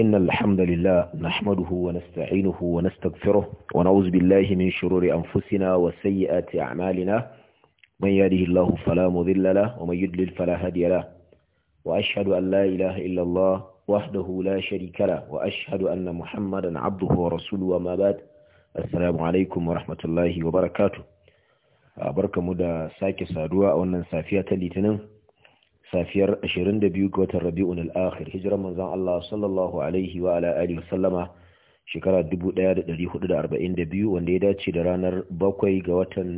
إن الحمد لله نحمده ونستعينه ونستغفره ونعوذ بالله من شرور أنفسنا وسيئات أعمالنا من يهده الله فلا مضل له ومن يضلل فلا هادي له وأشهد أن لا إله إلا الله وحده لا شريك له وأشهد أن محمدا عبده ورسوله وما بعد السلام عليكم ورحمة الله وبركاته barkamu da sake saduwa a wannan safiya ta litinin safiyar 22 ga watan rabi'un al-akhir hijiran manzon Allah sallallahu alaihi wa ala alihi wasallama shekara 1442 wanda ya dace da ranar 7 ga watan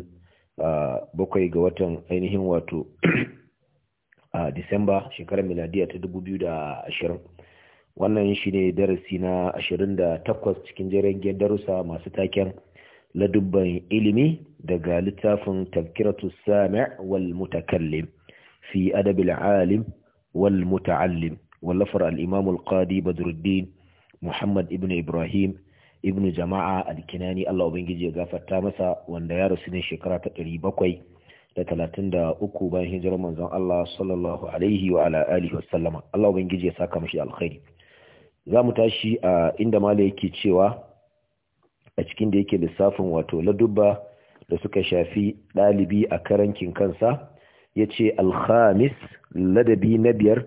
ga watan ainihin wato a Disamba shekarar miladiya ta 2020 wannan shi ne darasi na 28 cikin jerengen darussa masu taken ladubban ilimi daga littafin tafkiratu sami' wal mutakallim fi adabil alim wal muta'allim wallafar al-imam qadi badruddin muhammad ibn ibrahim ibn jama'a alkinani kinani Allah ubangiji ya gafarta masa wanda ya rasu ne shekara ta 700 da 33 bayan hijirar manzon Allah sallallahu alaihi wa ala alihi wa sallama Allah ubangiji ya saka mashi alkhairi zamu tashi a inda mala yake cewa a cikin da yake lissafin wato Laduba da suka shafi ɗalibi a karankin kansa يتشي الخامس alhamis ladabi na biyar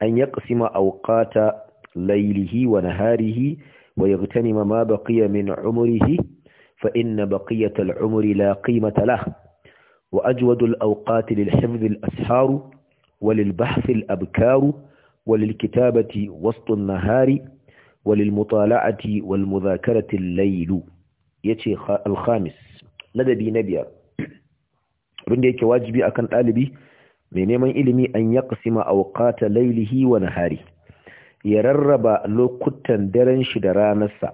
an ya ƙasima auƙata lailihi wa naharihi wa ya فإن بقية العمر لا قيمة له وأجود الأوقات للحفظ الأسحار وللبحث الأبكار وللكتابة وسط النهار وللمطالعة والمذاكرة الليل يتشي الخامس ندبي نبير abinda yake wajibi akan ɗalibi mai neman ilimi an ya kasima auqata lailihi wa nahari ya rarraba lokutan daren shi da ranarsa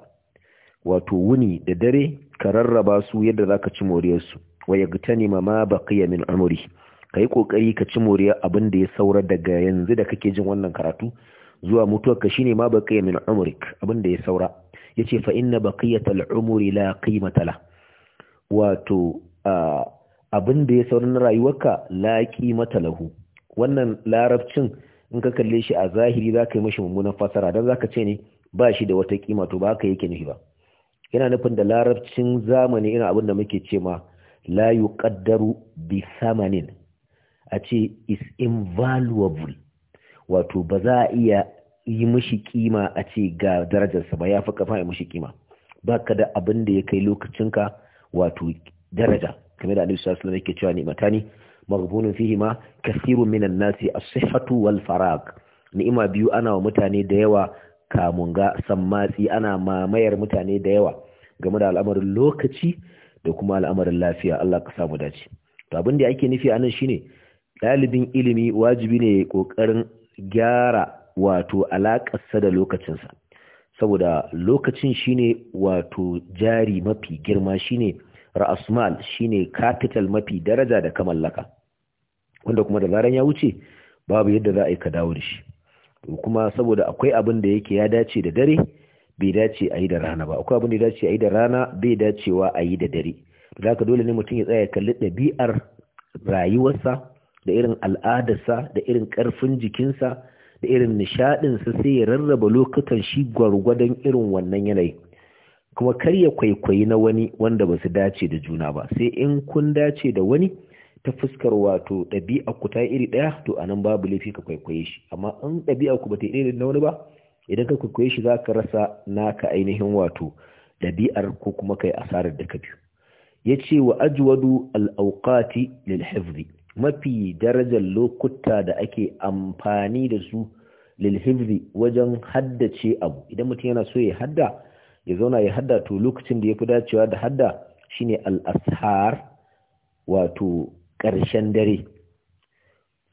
wato wuni da dare ka rarraba su yadda za ka ci moriyar su wa yagtanima ma ya min umri yi kokari ka ci moriyar abin da ya saura daga yanzu da kake jin wannan karatu zuwa mutuwar ka shine ma ya min amuri abin da ya saura yace fa inna baqiyatal umuri la qimata la wato ah, abin da ya saurin rayuwarka la mata lahu wannan larabcin in ka kalle shi a zahiri za ka yi mashi mummunan fasara don za ka ce ne ba shi da wata kima to ba ka yake nufi ba yana nufin da larabcin zamani ina abin da muke ce ma la ƙaddaru bi samanin a ce is invaluable wato ba za a iya yi mishi kima a ce ga darajarsa ba ya fi kafa ya mashi kima ba ka da abin da ya kai lokacinka wato daraja kamar da annabi sallallahu alaihi wasallam yake cewa ni'matani maghbunun fihi ma kathirun minan nasi as-sihhatu wal farag ni'ima biyu ana wa mutane da yawa kamun ga. sammatsi ana mamayar mutane da yawa game da al'amarin lokaci da kuma al'amarin lafiya Allah ka samu dace to abin da ake nufi anan shine ɗalibin ilimi wajibi ne kokarin gyara wato alaƙarsa da lokacinsa saboda lokacin shine wato jari mafi girma shine ra'asmal shine capital mafi daraja da ka mallaka wanda kuma da zaran ya wuce babu yadda za a yi ka dawo da shi kuma saboda akwai abin da yake ya dace da dare bai dace a yi da rana ba akwai abin da ya dace a yi da rana bai dacewa a yi da dare da haka dole ne mutum ya tsaya kalli ɗabi'ar rayuwarsa da irin al'adarsa da irin ƙarfin jikinsa da irin nishaɗinsa sai ya rarraba lokutan shi gwargwadon irin wannan yanayi kuma kar ya kwaikwayi na wani wanda ba su dace da juna ba sai in kun dace da wani ta fuskar wato ɗabi'a ku ta iri ɗaya to a nan babu laifi ka kwaikwaye shi amma in ɗabi'a ku ba ta iri na wani ba idan ka kwaikwaye shi za ka rasa naka ainihin wato ɗabi'ar ko kuma kai asarar da ka biyu ya ce wa ajwadu al'auƙati lilhifzi mafi darajar lokuta da ake amfani da su lilhifzi wajen haddace abu idan mutum yana so ya hadda ya zauna ya hadda to lokacin da ya fi dacewa da hadda shine al-ashar wato ƙarshen dare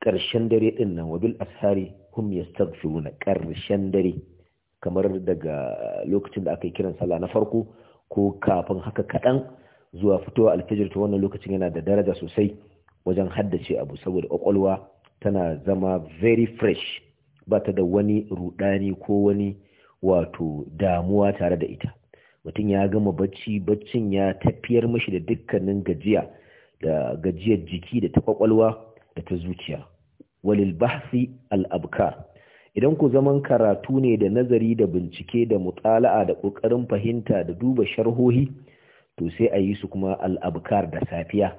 ƙarshen dare ɗin nan wabil ashari hum yastaghfiruna ƙarshen dare kamar daga lokacin da aka yi kiran sallah na farko ko kafin haka kaɗan zuwa fitowa alfijir ta wannan lokacin yana da daraja sosai wajen haddace abu saboda ƙwaƙwalwa tana zama very fresh ba ta da wani rudani ko wani wato damuwa tare da ita mutum ya gama bacci baccin ya tafiyar mashi da dukkanin gajiya da gajiyar jiki da ta kwakwalwa da ta zuciya walil bahsi al abkar idan ku zaman karatu ne da nazari da bincike da mutala'a da ƙoƙarin fahimta da duba sharhohi to sai a yi su kuma al'abkar da safiya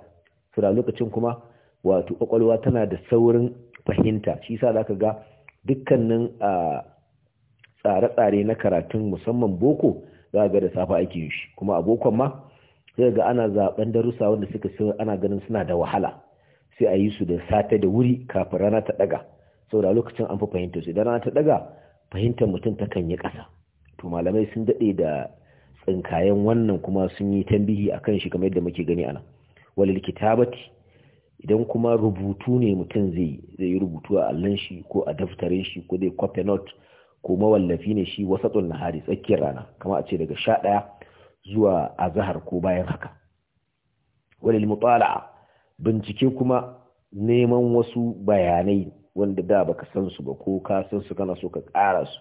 sura lokacin kuma wato ƙwaƙwalwa tana da saurin fahimta shi sa zaka ga dukkanin ah, tsare-tsare na karatun musamman boko za ga da safa ake yi shi kuma a bokon ma sai ga ana zaben darussa wanda suka sai ana ganin suna da wahala sai a yi su da sata da wuri kafin rana ta daga saboda lokacin an fi fahimta su idan rana ta daga fahimtar mutum ta kan yi ƙasa to malamai sun daɗe da tsinkayen wannan kuma sun yi tambihi a kan shi kamar yadda muke gani ana likita kitabati idan kuma rubutu ne mutum zai yi rubutu a allon shi ko a daftarin shi ko zai kwafe note ko mawallafi ne shi wasa na hari tsakiyar rana kama a ce daga sha ɗaya zuwa azahar ko bayan haka wani mutala'a bincike kuma neman wasu bayanai wanda da baka san su ba ko ka san su kana so ka ƙara su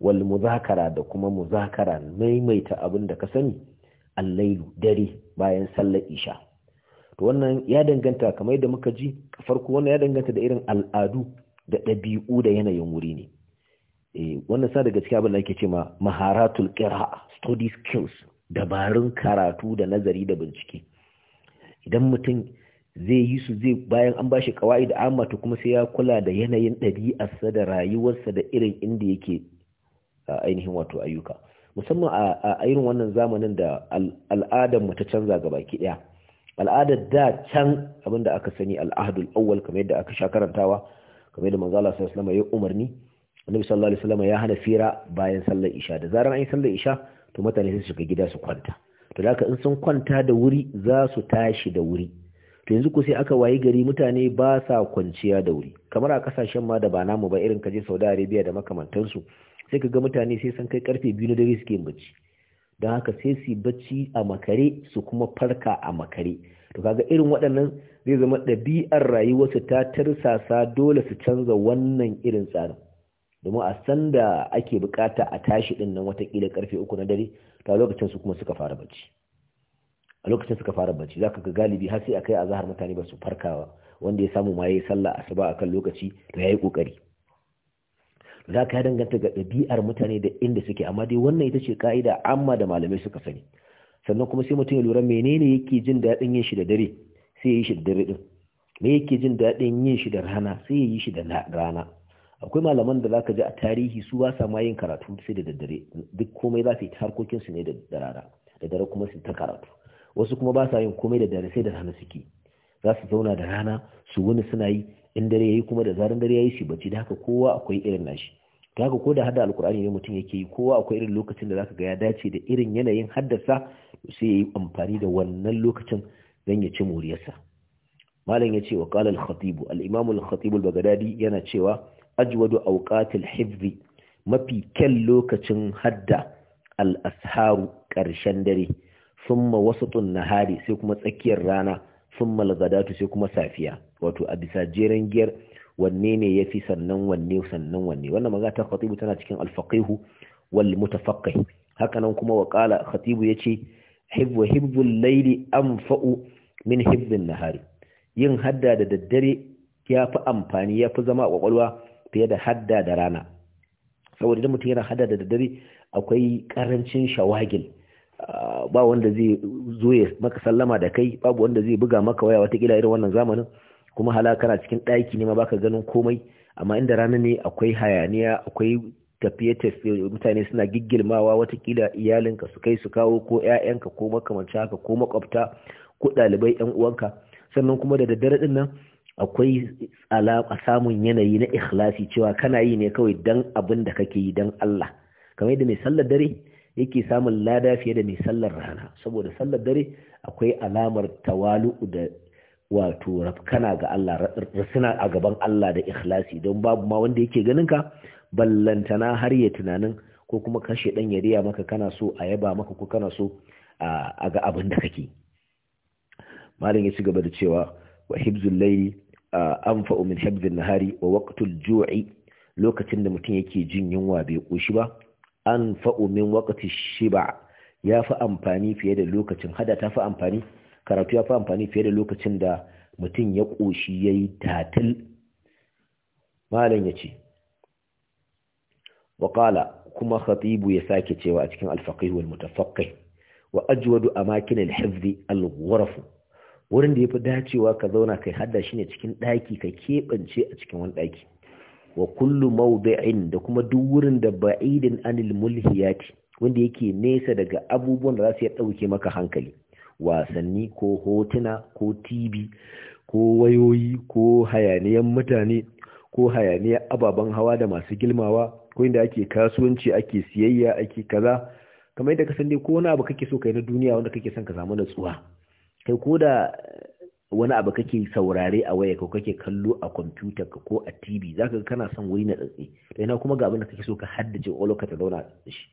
wal muzakara da kuma muzakara maimaita abin da ka sani allailu dare bayan sallar isha to wannan ya danganta kamar yadda muka ji farko wannan ya danganta da irin al'adu da ɗabi'u da yanayin wuri ne Eh, wannan sa daga cikin abin da ake ce ma maharatul qira study skills dabarun karatu da nazari da bincike idan mutum zai yi su zai bayan an bashi kawai da to kuma sai ya kula da yanayin ɗabi'arsa da rayuwarsa da irin inda yake ainihin wato ayyuka musamman a irin wannan zamanin da al'adar mu ta canza gaba ki ɗaya, al'adar da can abinda aka sani al'adul awwal kamar yadda aka sha karantawa kamar yadda manzo Allah sallallahu alaihi wasallam ya umarni annabi sallallahu alaihi wasallam ya hana fira bayan sallar isha da zaran an yi sallar isha to mutane sai su shiga gida su kwanta to da in sun kwanta da wuri za su tashi da wuri to yanzu ko sai aka wayi gari mutane ba sa kwanciya da wuri kamar a kasashen ma da ba namu ba irin kaje Saudi Arabia da makamantansu sai ka ga mutane sai sun kai karfe biyu na dare suke yin bacci don haka sai su bacci a makare su kuma farka a makare to kaga irin waɗannan zai zama ɗabi'ar rayuwarsu ta tarsasa dole su canza wannan irin tsarin domin a san da ake bukata a tashi din nan watakila karfe uku na dare to a lokacin su kuma suka fara bacci a lokacin suka fara bacci za ka ga galibi har sai a akai azahar mutane ba su farkawa wanda ya samu ma ya yi sallah a a kan lokaci to yayi kokari za ka danganta ga ɗabi'ar mutane da inda suke amma dai wannan ita ce ka'ida amma da malamai suka sani sannan kuma sai mutum ya lura menene yake jin daɗin yin shi da dare sai ya yi shi da dare din me yake jin daɗin yin shi da rana sai ya yi shi da rana akwai malaman da zaka ji a tarihi su ba sa ma yin karatu sai da daddare duk komai za su yi harkokin su ne da darara da dare kuma su ta karatu wasu kuma ba sa yin komai da dare sai da rana suke za su zauna da rana su wani suna yi in dare yayi kuma da zaran dare yayi shi bacci da haka kowa akwai irin nashi ta haka ko da hada alkur'ani ne mutum yake yi kowa akwai irin lokacin da zaka ga ya dace da irin yanayin haddasa sai yayi amfani da wannan lokacin don ya ci moriyarsa malam ya ce wa kalal khatibu al imamul al bagdadi yana cewa ajwadu auqatil hifzi mafi kyan lokacin hadda al-asharu ƙarshen dare summa wasatun nahari sai kuma tsakiyar rana summa ghadatu sai kuma safiya wato a bisa jeren giyar wanne ne yafi sannan wanne sannan wanne wannan magana ta khatibu tana cikin al-faqih wal mutafaqqih hakanan kuma wa qala khatibu yace hibbu hibbul layli anfa'u min hibbin nahari yin hadda da daddare yafi amfani yafi zama a kwakwalwa fiye da hadda da rana saboda idan mutum yana hadda da daddare akwai karancin shawagil ah, ba wanda zai zo ya maka sallama da kai babu wanda zai buga maka waya watakila irin wannan zamanin kuma hala kana cikin ɗaki ne ma baka ganin komai amma inda rana ne akwai hayaniya akwai tafiye-tafiye mutane suna giggilmawa watakila iyalinka su kai su kawo ko ƴaƴanka, ko makamanci haka ko makwabta ko ɗalibai ƴan uwanka sannan kuma da daddare ɗin nan akwai alaƙa samun yanayi na ikhlasi cewa kana yi ne kawai dan abin da kake yi dan Allah kamar yadda mai sallar dare yake samun lada fiye da mai sallar rana saboda sallar dare akwai alamar tawalu'u da wato rafkana ga Allah rasuna a gaban Allah da ikhlasi don babu ma wanda yake ganin ka ballantana har ya tunanin ko kuma kashe dan yariya maka kana so a yaba maka ko kana so a ga abin da kake malam ya ci gaba da cewa wa hibzul layli anfa'u min habdhin nahari wa waqtul ju'i lokacin da mutum yake jin yunwa bai koshi ba anfa'u min waqti shiba ya fa amfani fiye da lokacin hada ta fi amfani karatu ya fa amfani fiye da lokacin da mutum ya koshi yayi tatil malam yace wa qala kuma khatibu ya sake cewa a cikin al-faqih wal mutafaqqih wa ajwadu amakin al hifdh al-ghuraf wurin da ya fi dacewa ka zauna kai hada shi ne cikin ɗaki ka keɓance a cikin wani ɗaki wa kullu mawdi'in da kuma duk wurin da ba'idin anil mulhiyati wanda yake nesa daga abubuwan da za su iya ɗauke maka hankali wasanni ko hotuna ko tv ko wayoyi ko hayaniyan mutane ko hayaniyan ababen hawa da masu gilmawa ko inda ake kasuwanci ake siyayya ake kaza kamar yadda ka san dai ko wani abu kake so kai na duniya wanda kake son ka samu natsuwa kai ko da wani abu kake saurare a waya ko kake kallo a kwamfuta ko a tv za ka kana son wuri na tsatsi da ina kuma ga abin da kake so ka haddace ƙwallo ka ta zauna tsatsi shi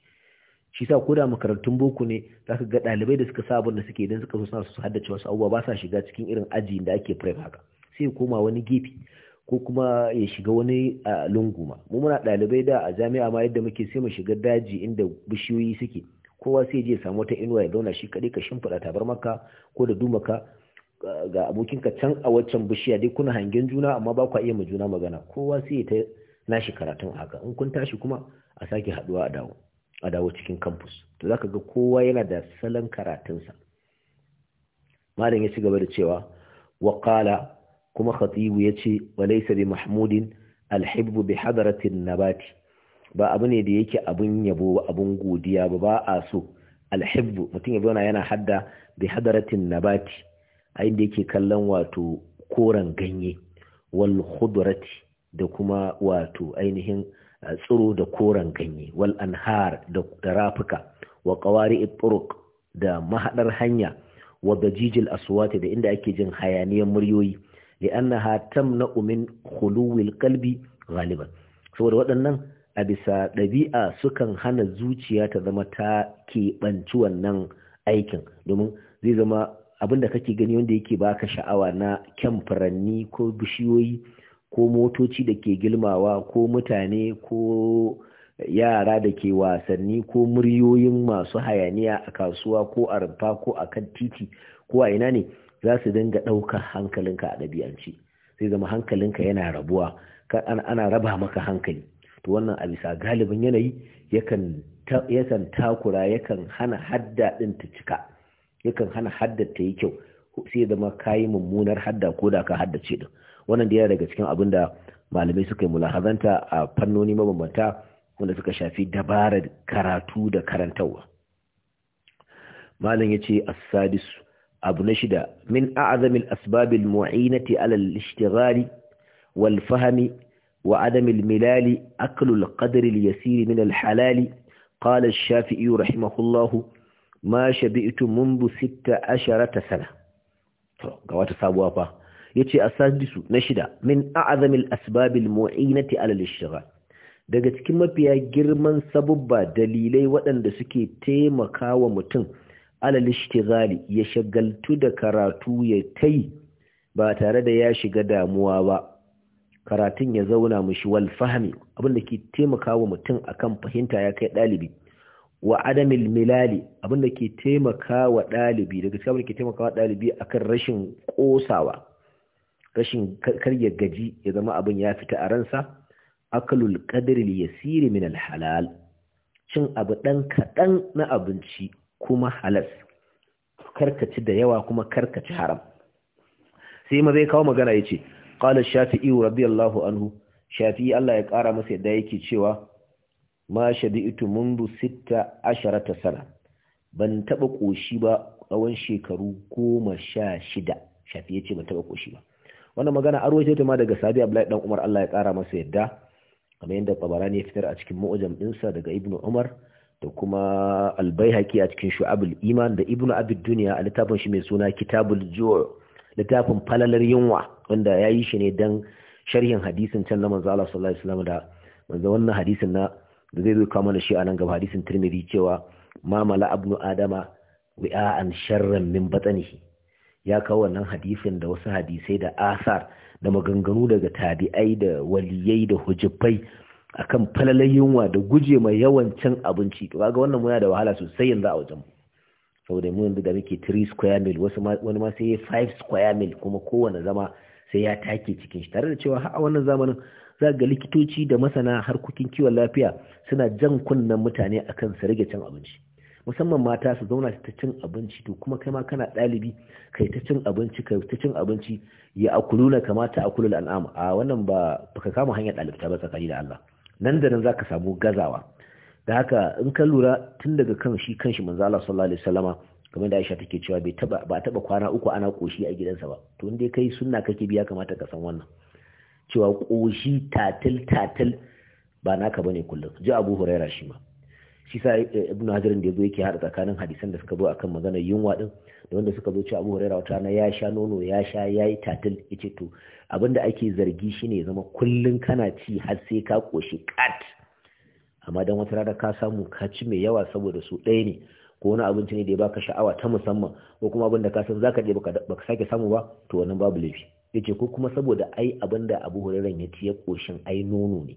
shi sa ko da makarantun boko ne za ka ga ɗalibai da suka sa da suke idan suka so suna su haddace wasu abubuwa ba sa shiga cikin irin aji da ake prep haka sai ya koma wani gefe ko kuma ya shiga wani ah, lungu mu muna ɗalibai da a jami'a ma yadda muke sai mu shiga daji inda bishiyoyi suke kowa sai je samu wata inuwa ya zauna shi kaɗai ka shimfiɗa tabar maka ko da dumaka ga abokinka can a waccan bishiya dai kuna hangen juna amma ba kwa iya ma juna magana kowa sai ta nashi karatun haka in kun tashi kuma a sake haɗuwa a dawo a dawo cikin campus to za ka ga kowa yana da salon karatunsa malam ya ci gaba da cewa wa qala kuma khatibu yace wa laysa bi mahmudin alhibbu bi hadratin nabati ba abu ne da yake abun yabo abun godiya ba ba a so alhibbu mutum ya zauna yana hadda bi hadaratin nabati a inda yake kallon wato koren ganye wal khudurati da kuma wato ainihin tsiro da koren ganye wal anhar da rafuka wa qawari turuq da mahadar hanya wa dajijil aswati da inda ake jin hayaniyan muryoyi li'annaha tamna'u min khuluwil qalbi ghaliban saboda waɗannan a bisa ɗabi'a sukan hana zuciya ta zama ta keɓanci wannan aikin domin zai zama abin da kake gani wanda yake baka sha'awa na kyan furanni ko bishiyoyi ko motoci da ke gilmawa ko mutane ko yara da ke wasanni ko muryoyin masu hayaniya a kasuwa ko a rumfa ko a kan titi ko a ina ne za su dinga ɗaukar hankalinka a ɗabi'anci Zai zama hankalinka yana rabuwa ana raba maka hankali to wannan a bisa galibin yanayi yakan takura yakan hana hadda ɗin ta cika yakan hana hadda ta yi kyau sai zama kayi mummunar hadda ko da ka haddace ɗin wannan da yana daga cikin abin da malamai suka yi mulahazanta a fannoni mabambanta wanda suka shafi dabarar karatu da karantarwa malam yace a sadis abu na shida min a'azamin asbabil mu'inati alal al-ishtighali wal fahmi وعدم الملال أكل القدر اليسير من الحلال قال الشافعي رحمه الله ما شبئت منذ ست عشرة سنة قوات الصابوة يتي أسادس نشدة من أعظم الأسباب المعينة على الاشتغال daga cikin mafiya girman sabubba dalilai waɗanda suke taimaka wa mutum alal ishtighali ya shagaltu da karatu ya tai ba tare da ya shiga damuwa ba karatun ya zauna mushi wal fahami abinda ke taimakawa mutum akan fahimta ya kai ɗalibi, wa adamil milali abinda ke taimakawa ɗalibi daga cikin abinda ke taimakawa dalibi akan rashin ƙosawa, rashin karya gaji ya zama abin ya fita a ransa akalul qadri ya yasiri min alhalal, halal cin abu ɗan kaɗan na abinci kuma halas karkaci da yawa kuma karkaci haram sai ma zai kawo magana ya ce. الشافعي رضي الله anhu شافعي Allah ya kara masa yadda yake cewa ma shabi'tu منذ 16 sana ban taba koshi ba tsawon shekaru 16 shafi yace ban taba koshi ba wannan magana an rawaito ta ma daga Sabi Abdullahi dan Umar Allah ya kara masa yadda kamar yadda babarani ya fitar a cikin Mu'jam dinsa daga ibnu Umar da kuma Al-Baihaqi a cikin Shu'abul Iman da ibnu abid Dunya a littafin shi mai suna Kitabul Ju' littafin falalar yunwa wanda ya yi shi ne don sharhin hadisin can na manzo Allah sallallahu alaihi wasallam da manzo wannan hadisin na da zai zo kama da shi a nan gaba hadisin Tirmidhi cewa ma mala abnu adama wi'an sharran min batnihi ya kawo wannan hadisin da wasu hadisai da asar da maganganu daga tabi'ai da waliyai da hujjai akan falalar yunwa da guje mai yawan cin abinci to kaga wannan muna da wahala sosai yanzu a wajen saboda mu yanzu da muke 3 square mil wasu wani ma sai 5 square mil kuma kowane zama sai ya take cikin shi tare da cewa a wannan zamanin za ga likitoci da masana harkokin kiwon lafiya suna jan kunnen mutane akan su rage cin abinci musamman mata su zauna ta cin abinci to kuma kai ma kana ɗalibi kai ta cin abinci kai ta cin abinci ya akuluna kamata akulul an'am a wannan ba baka kama hanyar ɗalibta ba tsakani da Allah nan da nan zaka samu gazawa da haka in ka lura tun daga kan shi kanshi manzo Allah sallallahu alaihi wasallama kamar da Aisha take cewa bai taba ba taba kwana uku ana koshi a gidansa ba to in kai sunna kake biya kamata ka san wannan cewa koshi tatil tatil ba naka bane kullum ji Abu Huraira shi ma shi sa eh, Ibn Hajar da yazo yake hada tsakanin hadisan da suka zo akan maganar yunwa din da wanda suka zo cewa Abu Huraira wata na ya sha nono ya sha yayi tatil yace to abinda ake zargi shine ya zama kullun kana ci har sai ka koshi kat amma dan wata rana ka samu ka ci mai yawa saboda su ɗaya ne ko wani abinci ne da ya baka sha'awa ta musamman ko kuma abin da ka san zaka je baka sake samu ba to wannan babu laifi yace ko kuma saboda ai abin da Abu Hurairah ya ci ya koshin ai nono ne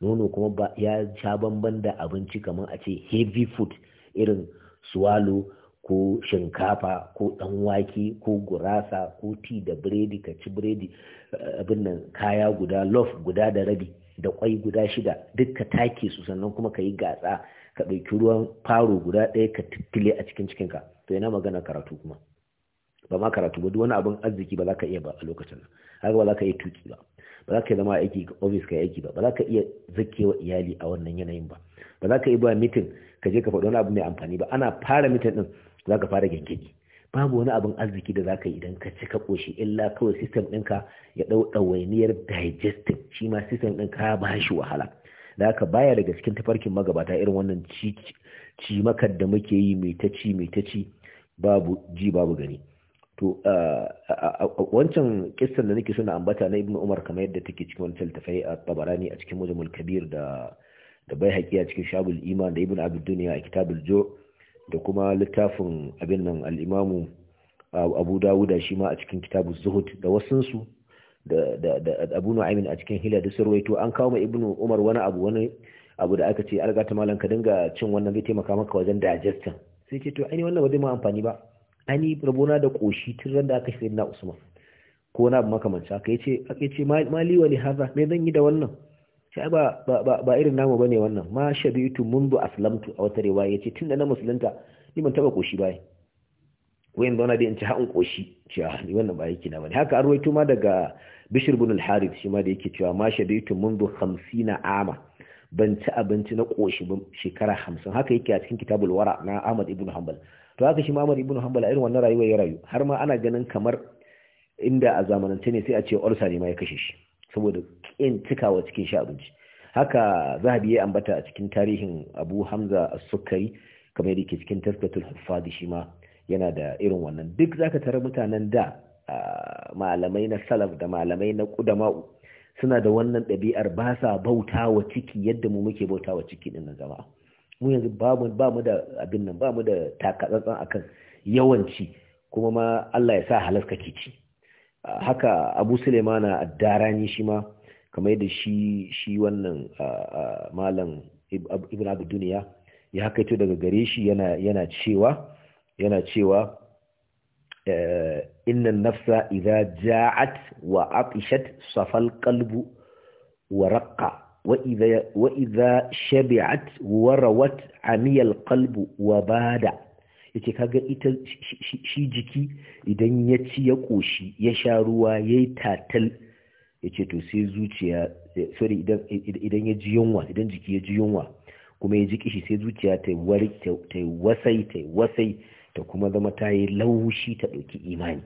nono kuma ba ya sha bamban da abinci kamar a ce heavy food irin swallow ko shinkafa ko dan wake ko gurasa ko tea da biredi ka ci biredi eh, abin nan kaya guda loaf guda da rabi da kwai guda shida duk ka take su sannan kuma ka yi gatsa ka ɗauki ruwan faro guda ɗaya ka tuttule a cikin cikinka to yana magana karatu kuma ba ma karatu ba duk wani abin arziki ba za ka iya ba a lokacin nan haka ba za ka iya tuki ba ba za ka zama aiki ga office ka aiki ba ba za ka iya zakewa iyali a wannan yanayin ba ba za ka iya ba mitin ka je ka faɗi wani abu mai amfani ba ana fara mitin din za ka fara gengedi babu wani abin arziki da zaka yi idan ka ci ka koshi illa kawai system ɗinka ya ɗau ɗawainiyar digestive shi ma system ɗin ka ba shi wahala da haka baya daga cikin tafarkin magabata irin wannan ci makar da muke yi mai ta ci mai ta ci babu ji babu gani to wancan kissan da nake so na ambata na ibnu umar kamar yadda take cikin wancan littafai a tabarani a cikin mujamul kabir da da bai haƙi a cikin shabul iman da ibnu abdul duniya a kitabul jo da kuma littafin abin nan al'imamu abu dawuda shi ma a cikin kitabu zuhud da wasansu da abu nu'aimin a cikin hila da sarwaito an kawo ma ibnu umar wani abu wani abu da aka ce an malam ka dinga cin wannan zai taimaka maka wajen digestion sai ce to ainihin wannan ba zai ma amfani ba ani rabona da koshi tun da aka shi na usman ko na abu makamanci haka yace aka yace mali wali haza me zan yi da wannan sai ba ba irin namu bane wannan ma shabitu mundu aslamtu a wata riwaya yace tunda na musulunta ni ban taba koshi bai wayan zauna da in ci haƙin koshi cewa ni wannan ba yake na bane haka an ruwaito ma daga Bishir ibn al-Harith shi ma da yake cewa ma shabitu mundu 50 ama ban ci abinci na koshi ba shekara 50 haka yake a cikin kitabul wara na Ahmad ibn Hanbal to haka shi ma Ahmad ibn Hanbal irin wannan rayuwar ya rayu har ma ana ganin kamar inda a zamanance ne sai a ce ulsa ne ma ya kashe shi saboda ƙin cikawa cikin shi abinci haka zahabi ya ambata a cikin tarihin abu hamza a kamar yadda ke cikin tasbatul huffadi shi ma yana da irin wannan duk zaka tara mutanen da malamai na salaf da malamai na kudama'u suna da wannan ɗabi'ar ba sa bauta wa ciki yadda mu muke bauta wa ciki ɗin jama'a mu yanzu ba mu da abin nan ba mu da takatsantsan akan yawanci kuma ma Allah ya sa halas ke ci haka abu sulemana addarani shi ma kamar yadda shi shi wannan malam ibn abu duniya ya haka ito daga gare shi yana cewa yana cewa eh, innan nafsa idza ja'at wa aqishat safal qalbu wa raqqa wa idza wa shabi'at wa rawat amiyal qalbu wa bada yace kaga ita shi jiki idan ya ci ya ƙoshi ya sha ruwa ya yi tatal ya ce to sai zuciya sorry idan ya ji yunwa idan jiki ya ji yunwa kuma ya ji kishi sai zuciya ta yi wasai ta yi wasai ta kuma zama ta yi laushi ta ɗauki imani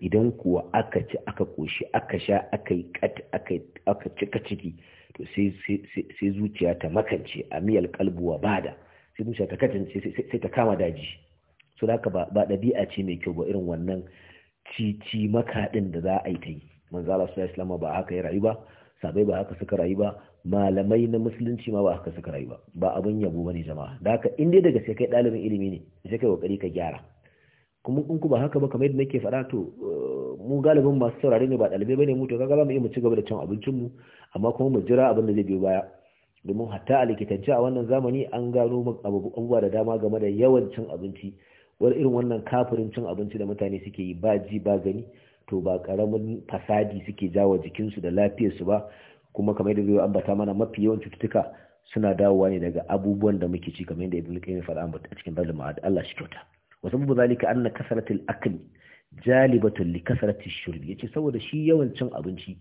idan kuwa aka ci aka ƙoshi aka sha aka yi kat aka cika ciki to sai zuciya ta makance a miyar kalbuwa bada sai zuciya ta kacance sai ta kama daji so da ba ba ɗabi'a ce mai kyau ba irin wannan cici makaɗin da za a yi ta yi manzo Allah sallallahu ba haka ya rayu ba sabai ba haka suka rayu ba malamai na musulunci ma ba haka suka rayu ba ba abin yabo bane jama'a da haka in dai daga sai kai ɗalibin ilimi ne sai kai kokari ka gyara kuma in ku ba haka ba kamar yadda nake faɗa to eh, mu galibin masu saurare ne ba ɗalibai bane mu to kaga za mu iya mu ci gaba da cin abincin mu amma kuma mu jira abin da zai biyo baya domin hatta a likitance a wannan zamani an gano abubuwa da dama game da yawan cin abinci wani irin wannan kafirin cin abinci da mutane suke yi ba ji ba gani to ba karamin fasadi suke jawa jikinsu da lafiyarsu ba kuma kamar da zai ambata mana mafi yawan cututtuka suna dawowa ne daga abubuwan da muke ci kamar yadda ibnu qayyim fara a cikin dalil ma'ad Allah shi kyauta wa sababu zalika anna kasratul akl jalibatun li kasratil shurb yace saboda shi yawan cin abinci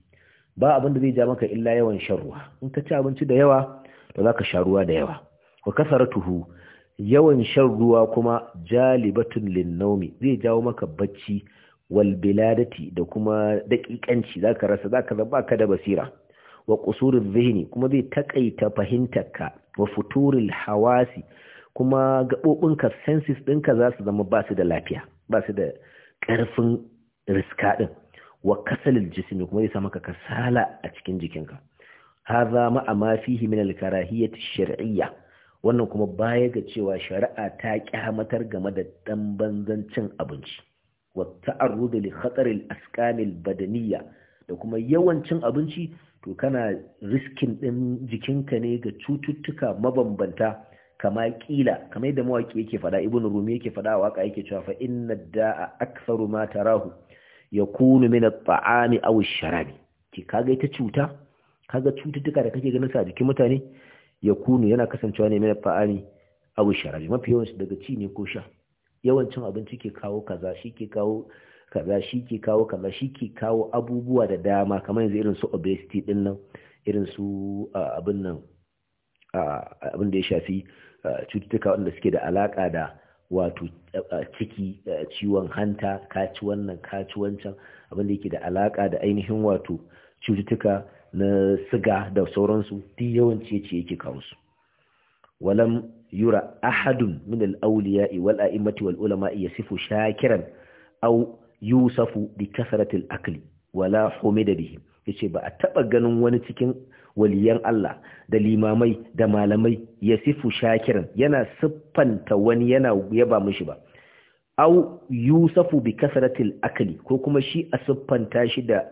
ba abin da zai ja maka illa yawan shan ruwa in ka ci abinci da yawa to zaka sha ruwa da yawa wa kasaratuhu yawan shan ruwa kuma jalibatun linnaumi zai jawo maka bacci wal biladati da kuma daƙiƙanci zaka rasa zaka zaba ka da basira wa qusurul zihni kuma zai takaita fahimtarka wa futurul hawasi kuma gabobinka senses ɗinka za su zama ba su da lafiya ba su da ƙarfin riska ɗin wa kasalil jismi kuma zai sa maka kasala a cikin jikinka hadha ma'a ma fihi min al karahiyati shar'iyyah wannan kuma baya ga cewa shari'a ta kyamatar game da dan banzancin abinci wa ta'arrudu li khatar al badaniyya da kuma yawancin abinci to kana riskin din jikinka ne ga cututtuka mabambanta kama kila kamar yadda mawaki yake fada ibnu rumi yake fada waka yake cewa fa inna da'a aktharu ma tarahu yakunu min at-ta'ami aw ash-sharabi ki kaga ita cuta kaga cututtuka da kake ganin sa jikin mutane yakunu yana kasancewa ne mai fa'ani abu sharabi mafi su daga ci ne ko sha yawancin abinci ke kawo kaza shi ke kawo kaza shi ke kawo kaza shi ke kawo abubuwa da dama kamar yanzu irin su obesity din nan irin su abin nan abin da ya shafi cututtuka wanda suke da alaka da wato ciki ciwon hanta kaci wannan kaci wancan abin da yake da alaka da ainihin wato cututtuka na siga da sauransu duk yawanci yace yake kawo su walam yura ahadun min al awliya wal a'immati wal ulama'i yasifu shakiran aw yusafu bi kasratil akli wala humida bihi yace ba a taba ganin wani cikin waliyan Allah da limamai da malamai yasifu shakiran yana siffanta wani yana yaba mishi ba aw yusafu bi kasratil akli ko kuma shi a siffanta shi da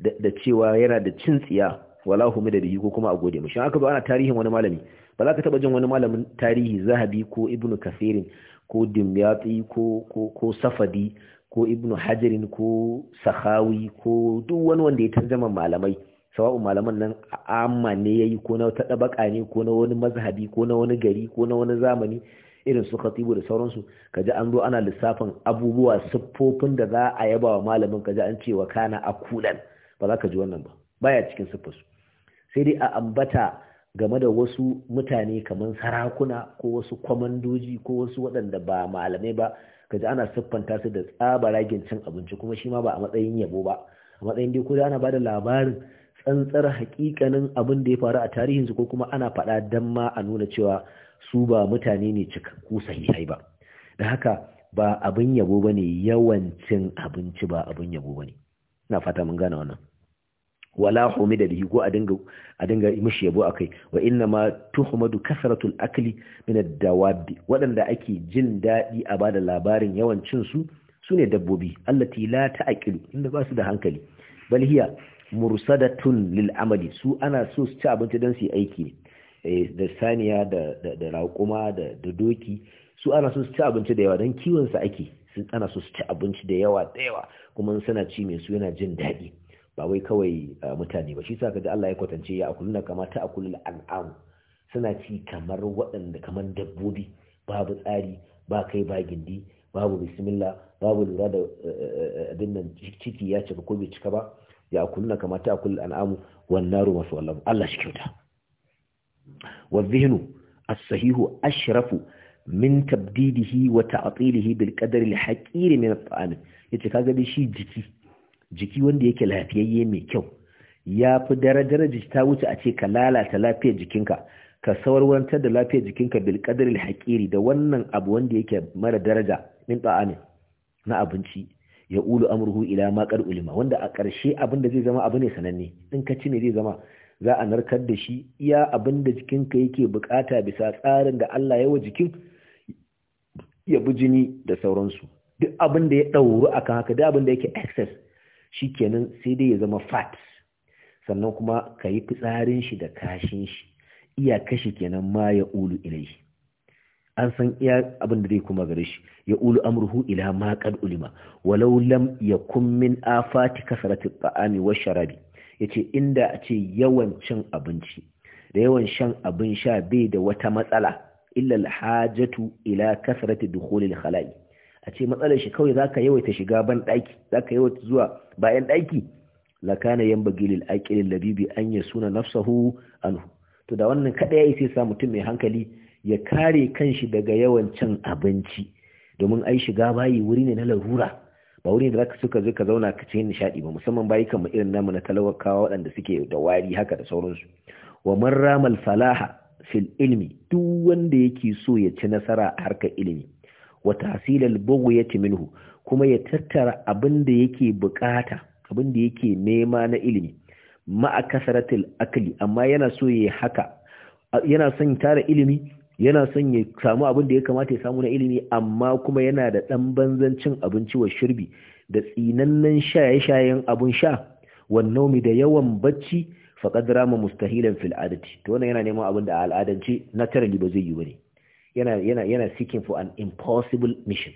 da cewa yana da cin tsiya walahu humi da bihi ko kuma a gode mushi aka zo ana tarihin wani malami ba za ka taba jin wani malamin tarihi zahabi ko ibnu kasirin ko dimyati ko ko ko safadi ko ibnu hajarin ko sahawi ko duk wani wanda ya tarjama malamai sawa'u malaman nan amma ne yayi ko na ta dabaka ne ko na wani mazhabi ko na wani gari ko na wani zamani irin su khatibu da sauransu kaji an zo ana lissafin abubuwa siffofin da za a yaba wa malamin kaji an ce wa kana akulan ba za ka ji wannan ba baya cikin siffarsu sai dai a ambata game da wasu mutane kamar sarakuna ko wasu kwamandoji ko wasu waɗanda ba malamai ba ka ji ana siffanta su da tsabaragen cin abinci kuma shi ma ba a matsayin yabo ba a matsayin dai ko da ana ba da labarin tsantsar hakikanin abin da ya faru a tarihin su ko kuma ana faɗa dan ma a nuna cewa su ba mutane ne cikakku sahihai ba da haka ba abin yabo bane yawancin abinci ba abin yabo bane ina fata mun gane wannan wala humida bihi ko a dinga a dinga mishi yabo akai wa inna ma tuhmadu kasratul akli min ad-dawab wadanda ake jin dadi a bada labarin yawan cin su sune dabbobi allati la ta'qilu inda ba su da hankali bal hiya mursadatun lil amali su ana so su ci abinci dan su aiki eh, da saniya da da raƙuma da doki su ana so su ci abinci da yawa dan kiwon su ake ana so su ci abinci da yawa da yawa kuma suna ci mai su yana jin dadi ba wai kawai mutane ba shi sa kaga Allah ya kwatance ya akuluna kama ta akulul an'am suna ci kamar waɗanda kamar dabbobi babu tsari ba kai ba gindi babu bismillah babu lura da abin nan ciki ya cika ko bai cika ba ya akuluna kama ta akulul an'am wan naru su wallahu Allah shi kyauta wa dhihnu as-sahihu ashrafu min tabdidihi wa ta'tilihi bil qadri al-haqir min at-ta'am yace kaga dai shi jiki jiki wanda yake lafiyayye mai kyau ya fi darajar jiki ta wuce a ce ka lalata lafiyar jikinka ka saurwantar da lafiyar jikinka bil qadaril haƙiri. da wannan abu wanda yake mara daraja min ta'amin na abinci ya ulu amruhu ila ma ulima wanda a ƙarshe abin da zai zama abu ne sananne in ka ci ne zai zama za a narkar da shi iya abin da jikinka yake bukata bisa tsarin da Allah ya wa jikin ya bi jini da sauransu duk abinda ya ɗauru akan haka duk abinda yake excess shi kenan sai dai ya zama fat sannan kuma ka yi fitsarin shi da kashin shi iya kashi kenan ma ya ulu ilai an san iya abin da zai kuma gare shi ya ulu amruhu ila ma kad ulima walau lam yakun min afati kasrati ta'ami wa sharabi yace inda a ce yawan cin abinci da yawan shan abin sha bai da wata matsala illa al hajatu ila kasrati dukhulil khala'i a ce matsalar shi kawai za zaka yawaita shiga ban ɗaki? za ka yawaita zuwa bayan ɗaki? Lakana kana yanbaghi lil labibi an suna nafsahu anhu to da wannan kada yayi sai sa mutum mai hankali ya kare kanshi daga yawan cin abinci domin ai shiga bayi wuri ne na larura ba wuri da zaka suka zo ka zauna ka cikin nishaɗi ba musamman bayi kamar irin namu na talawakawa waɗanda suke da wari haka da sauransu wa marramal falaha fil ilmi duk wanda yake so ya ci nasara a harkar ilimi wa tahsilal bughyati minhu kuma ya tattara abin da yake bukata abin da yake nema na ilimi ma akasaratil akli amma yana so ya haka yana son tara ilimi yana son ya samu abin da ya kamata ya samu na ilimi amma kuma yana da dan banzancin abinci wa shirbi da tsinannen shaye-shayen abun sha wannan mi da yawan bacci faqad rama mustahilan fil adati to wannan yana neman abin da al'adance na tara ba zai yi ba ne? yana yana yana seeking for an impossible mission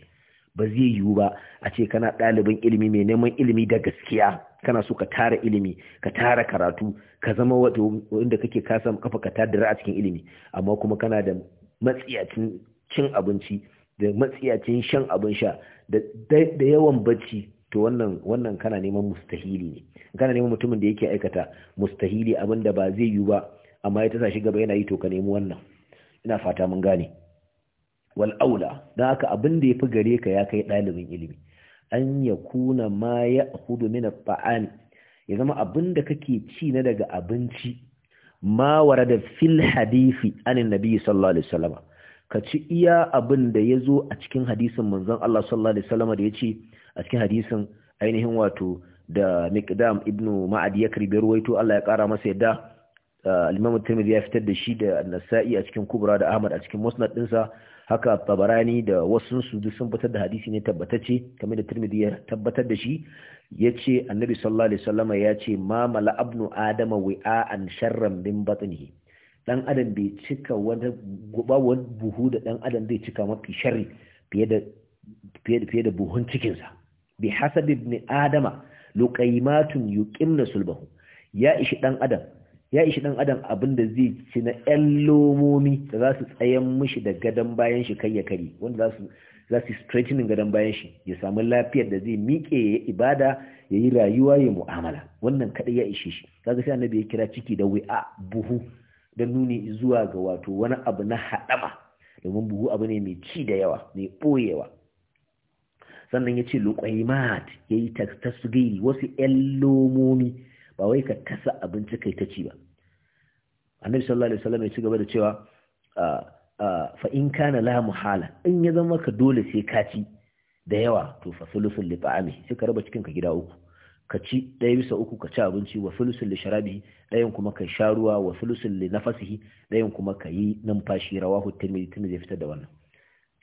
ba zai yiwu ba a ce kana ɗalibin ilimi mai neman ilimi da gaskiya kana so ka tara ilimi ka tara karatu ka zama wato inda kake kasa kafa ka tadira a cikin ilimi amma kuma kana da matsiyacin cin abinci da matsiyacin shan abin sha da yawan bacci to wannan wannan kana neman mustahili ne kana neman mutumin da yake aikata mustahili abin da ba zai yiwu ba amma ya tasa shi gaba yana yi to ka nemi wannan ina fata mun gane wal aula don haka abin da ya fi gare ka ya kai ɗalibin ilimi an ya kuna ma ya hudu mina fa'ani ya zama abin da kake ci na daga abinci ma da fil hadisi anin nabi sallallahu alaihi wasallam ka ci iya abin da ya zo a cikin hadisin manzon Allah sallallahu alaihi wasallam da ya ce a cikin hadisin ainihin wato da Miqdam Ibnu Ma'ad ya karbi ruwaito Allah ya kara masa yadda eh, al-Imam Tirmidhi ya fitar da shi da Nasa'i a cikin Kubra da Ahmad a cikin Musnad dinsa haka Babarani da wasu su duk sun fitar da hadisi ne tabbatacce kamar da tirmidhi ya tabbatar da shi yace annabi sallallahu alaihi wasallama yace ma mala abnu adama an sharran min batnihi dan adam bai cika wani guba wani buhu da dan adam zai cika mafi sharri fiye da fiye da fiye da buhun cikinsa bi hasab ibn adama luqaymatun yuqimna sulbahu ya ishi dan adam ya ishi ɗan adam abin da zai ci na ƴan lomomi da za su tsayan mishi da gadon bayan shi kai ya karye wanda za su straightening gadon bayan shi ya samu lafiyar da zai miƙe ya ibada ya yi rayuwa ya mu'amala wannan kaɗai ya ishe shi kaga sai annabi ya kira ciki da wi'a buhu don nuni zuwa ga wato wani abu na haɗama domin buhu abu ne mai ci da yawa mai ɓoyewa sannan ya ce luƙwaimat ya yi tasgiri wasu ƴan lomomi ba wai ka tasa abinci kai ta ci ba annabi sallallahu alaihi wasallam ya ci gaba da cewa fa in kana la muhala in ya zama ka dole sai ka ci da yawa to fa sulusul li ta'ami sai ka raba cikin ka gida uku ka ci ɗaya bisa uku ka ci abinci wa sulusul li sharabi ɗayan kuma ka sha ruwa wa sulusul li nafasihi ɗayan kuma ka yi numfashi rawahu tirmidhi tun zai fitar da wannan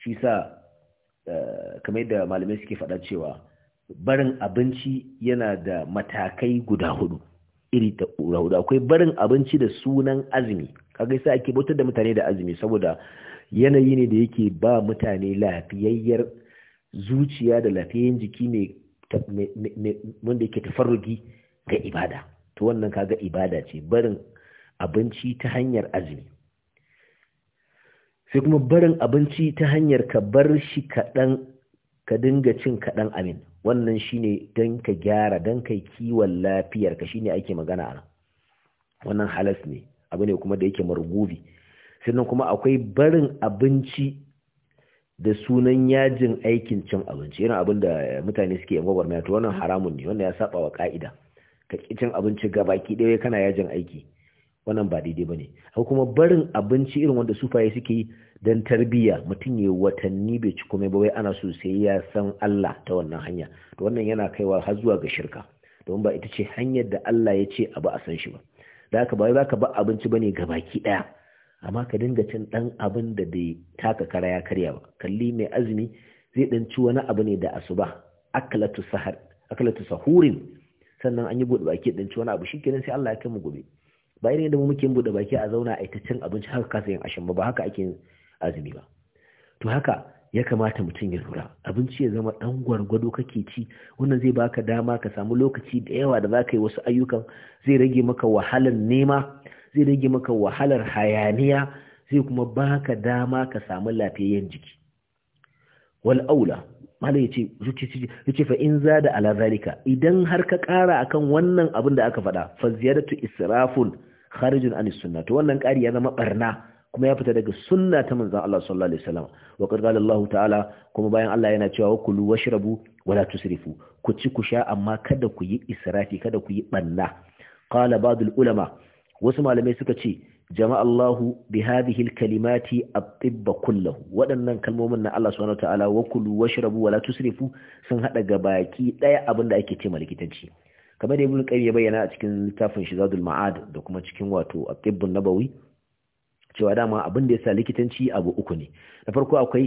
shi sa eh, kamar yadda malamai suke faɗa cewa barin abinci yana da matakai guda hudu iri ta hudu akwai barin abinci da sunan azumi kaga sai ake bautar da mutane da azumi saboda yanayi ne da yake ba mutane lafiyayyar zuciya da lafiyayyen jiki ne wanda yake tafarrugi ga ibada to wannan kaga ibada ce barin abinci ta hanyar azumi sai kuma barin abinci ta hanyar ka bar shi kaɗan ka dinga cin kaɗan amin wannan shine don ka gyara don kai kiwon lafiyar ka shine ake magana a wannan halas ne abu ne kuma da yake margubi sannan kuma akwai barin abinci da sunan yajin aikin cin abinci Yana abin da mutane suke yin gwagwarmaya to wannan haramun ne wannan ya saba wa ka'ida ka cin abinci baki ɗaya kana yajin aiki wannan ba daidai ba ne kuma barin abinci irin wanda sufaye suke yi don tarbiyya mutum ya watanni bai ci komai ba wai ana so sai ya san Allah ta wannan hanya to wannan yana kaiwa har zuwa ga shirka don ba ita ce hanyar da Allah ya ce abu a san shi ba da haka ba za ka ba abinci ba ga gabaki ɗaya. amma ka dinga cin ɗan abin da bai taka kara ya karya ba kalli mai azumi zai ɗan ci wani abu ne da asuba akalatu sahar akalatu sahurin sannan an yi buɗe baki ɗan ci wani abu shikenan sai Allah ya kai mu gobe ba irin yadda mu muke buɗe baki a zauna a cin abinci haka kasa yin ashin ba ba haka ake azumi ba to haka ya kamata mutum ya lura abinci ya zama ɗan gwargwado kake ci wannan zai baka dama ka samu lokaci da yawa da za ka yi wasu ayyukan zai rage maka wahalar nema zai rage maka wahalar hayaniya zai kuma baka dama ka samu lafiyayyen jiki wal aula mala yace yace fa in zada ala zalika idan har ka kara akan wannan abin da aka faɗa fa ziyadatu israfun kharijun anis sunna to wannan ƙari ya zama barna kuma ya fita daga sunna ta manzon Allah sallallahu alaihi wasallam wa qad qala Allah ta'ala kuma bayan Allah yana cewa kulu washrabu wala tusrifu ku ci ku sha amma kada ku yi israfi kada ku yi banna qala ba'dul ulama wasu malamai suka ce jama'a Allah bi hadhihi kalimati at-tibb waɗannan kalmomin na Allah subhanahu wa ta'ala wa kulu washrabu wala tusrifu sun hada ga baki daya abinda ake ce likitanci kamar da ibn qayyim ya bayyana a cikin littafin shizadul ma'ad da kuma cikin wato at nabawi cewa dama abin da yasa likitanci abu uku ne na farko akwai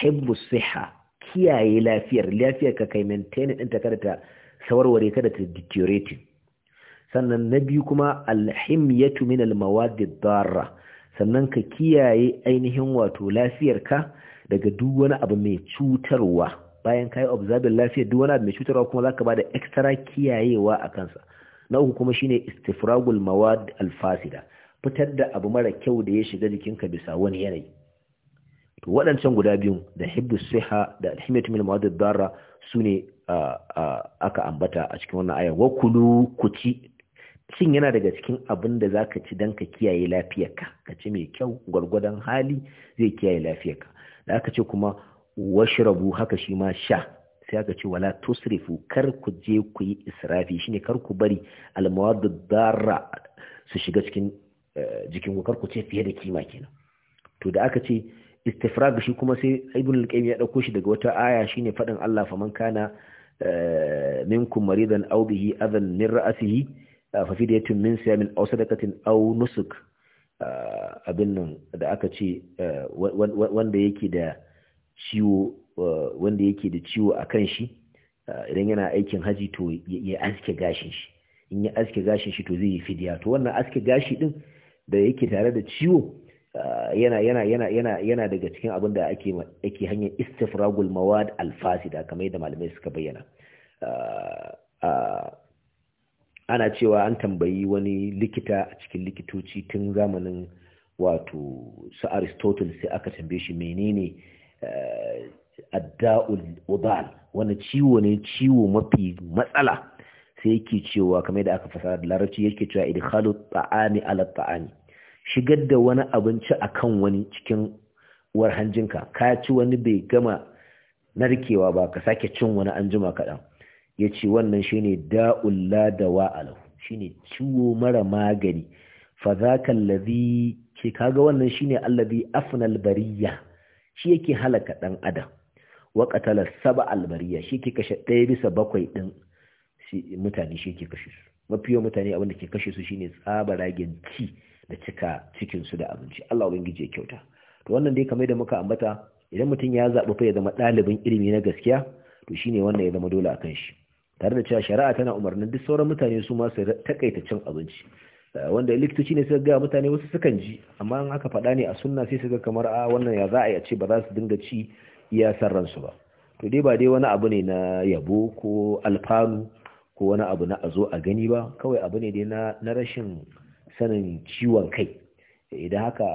hibbu siha kiyaye lafiyar lafiyar ka kai maintain din ta kada ta sawarware kada ta deteriorating sannan na biyu kuma alhimyatu min almawad ad-darra sannan ka kiyaye ainihin wato lafiyar ka daga duk wani abu mai cutarwa bayan kai observing lafiyar duk wani mai cutarwa kuma zaka bada extra kiyayewa a kansa na uku kuma shine istifragul mawad alfasida fitar da abu mara kyau da ya shiga jikinka bisa wani yanayi to waɗancan guda biyun da hibbu siha da alhimatu min mawad darra sune aka ambata a cikin wannan aya wa kulu kuci cin yana daga cikin abin da zaka ci dan ka kiyaye lafiyarka ka ci mai kyau gwargwadon hali zai kiyaye lafiyarka da aka ce kuma washrabu haka shi ma sha sai aka ce wala tusrifu kar ku je ku yi israfi shine kar ku bari almawadu darra su shiga cikin eh, jikin kar ku ce fiye da kima kenan to da aka ce istifrag shi kuma sai ibn al-qayyim ya dauko shi daga wata aya shine fadin Allah fa man kana eh, minkum maridan aw bihi adan min ra'sihi eh, fa fidyatun min siyamin aw sadaqatin aw nusuk abin nan da aka ce wanda yake da ciwo uh, wanda yake da ciwo a kan shi uh, idan yana aikin haji to ya aske gashin shi in ya aske gashin shi to zai yi fidiya to wannan aske gashi din da yake tare da ciwo uh, yana yana yana yana yana daga cikin abin da ake ake hanyar istifragul mawad alfasida kamar yadda malamai suka bayyana ana cewa an tambayi wani likita a cikin likitoci tun zamanin wato su aristotle sai aka tambaye shi menene adda'ul udal wani ciwo ne ciwo mafi matsala sai yake cewa kamar da aka fasara da larabci yake cewa idkhalu ta'ani ala ta'ani. shigar da wani abinci akan wani cikin uwar hanjinka ka ci wani bai gama narkewa ba ka sake cin wani anjima kaɗan ya ce wannan shine da'ul la dawa Shi shine ciwo mara magani fa ka allazi ke kaga wannan shine allazi afnal bariya shi yake halaka ɗan adam wa qatala saba albariya shi ke kashe ɗaya bisa bakwai ɗin mutane shi ke kashe su mafi yawan mutane abin da ke kashe su shine tsaba ragin ci da cika cikin su da abinci Allah ubangiji ya kyauta to wannan dai kamar da muka ambata idan mutum ya zaɓi fa ya zama ɗalibin ilimi na gaskiya to shine wannan ya zama dole akan shi tare da cewa shari'a tana umarnin duk sauran mutane su ma su takaita cin abinci wanda likitoci ne suka gaya mutane wasu sukan ji amma an aka faɗa ne a sunna sai suka kamar a ah, wannan ya za a yi a ce ba za su dinga ci iya ransu ba to dai ba dai wani abu ne na yabo ko alfanu ko wani abu na azo a gani ba kawai abu ne dai na rashin sanin ciwon kai idan haka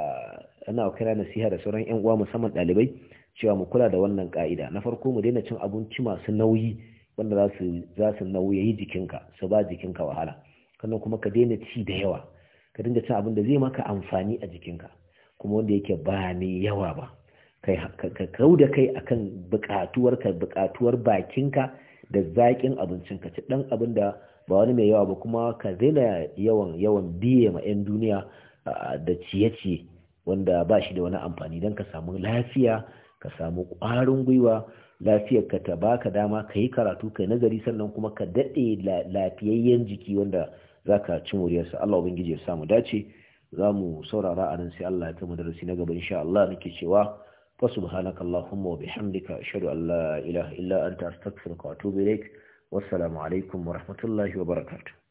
ana kira nasiha da sauran yan uwa musamman ɗalibai cewa mu kula da wannan ka'ida na farko mu daina cin abinci masu nauyi wanda za su nauyi jikinka su ba jikinka wahala sannan kuma ka daina ci da yawa ka dinga cin abin da zai maka amfani a jikinka kuma wanda yake ba ne yawa ba ka kau da kai akan bukatuwar ka bukatuwar bakinka da zaƙin abincin ka ci dan abin da ba wani mai yawa ba kuma ka daina yawan yawan biye ma 'yan duniya da ciye-ciye wanda ba shi da wani amfani dan ka samu lafiya ka samu ƙwarin gwiwa lafiyar ka ta baka dama ka yi karatu ka yi nazari sannan kuma ka daɗe lafiyayyen jiki wanda za ka ci muryarsa Allah ubangiji ya samu dace za mu saurara a nan sai Allah ya kama darasi na gaba insha Allah nake cewa fa subhanakallahumma wa bihamdika ashhadu an la ilaha illa anta astaghfiruka wa atubu ilaik wassalamu alaikum wa rahmatullahi wa barakatuh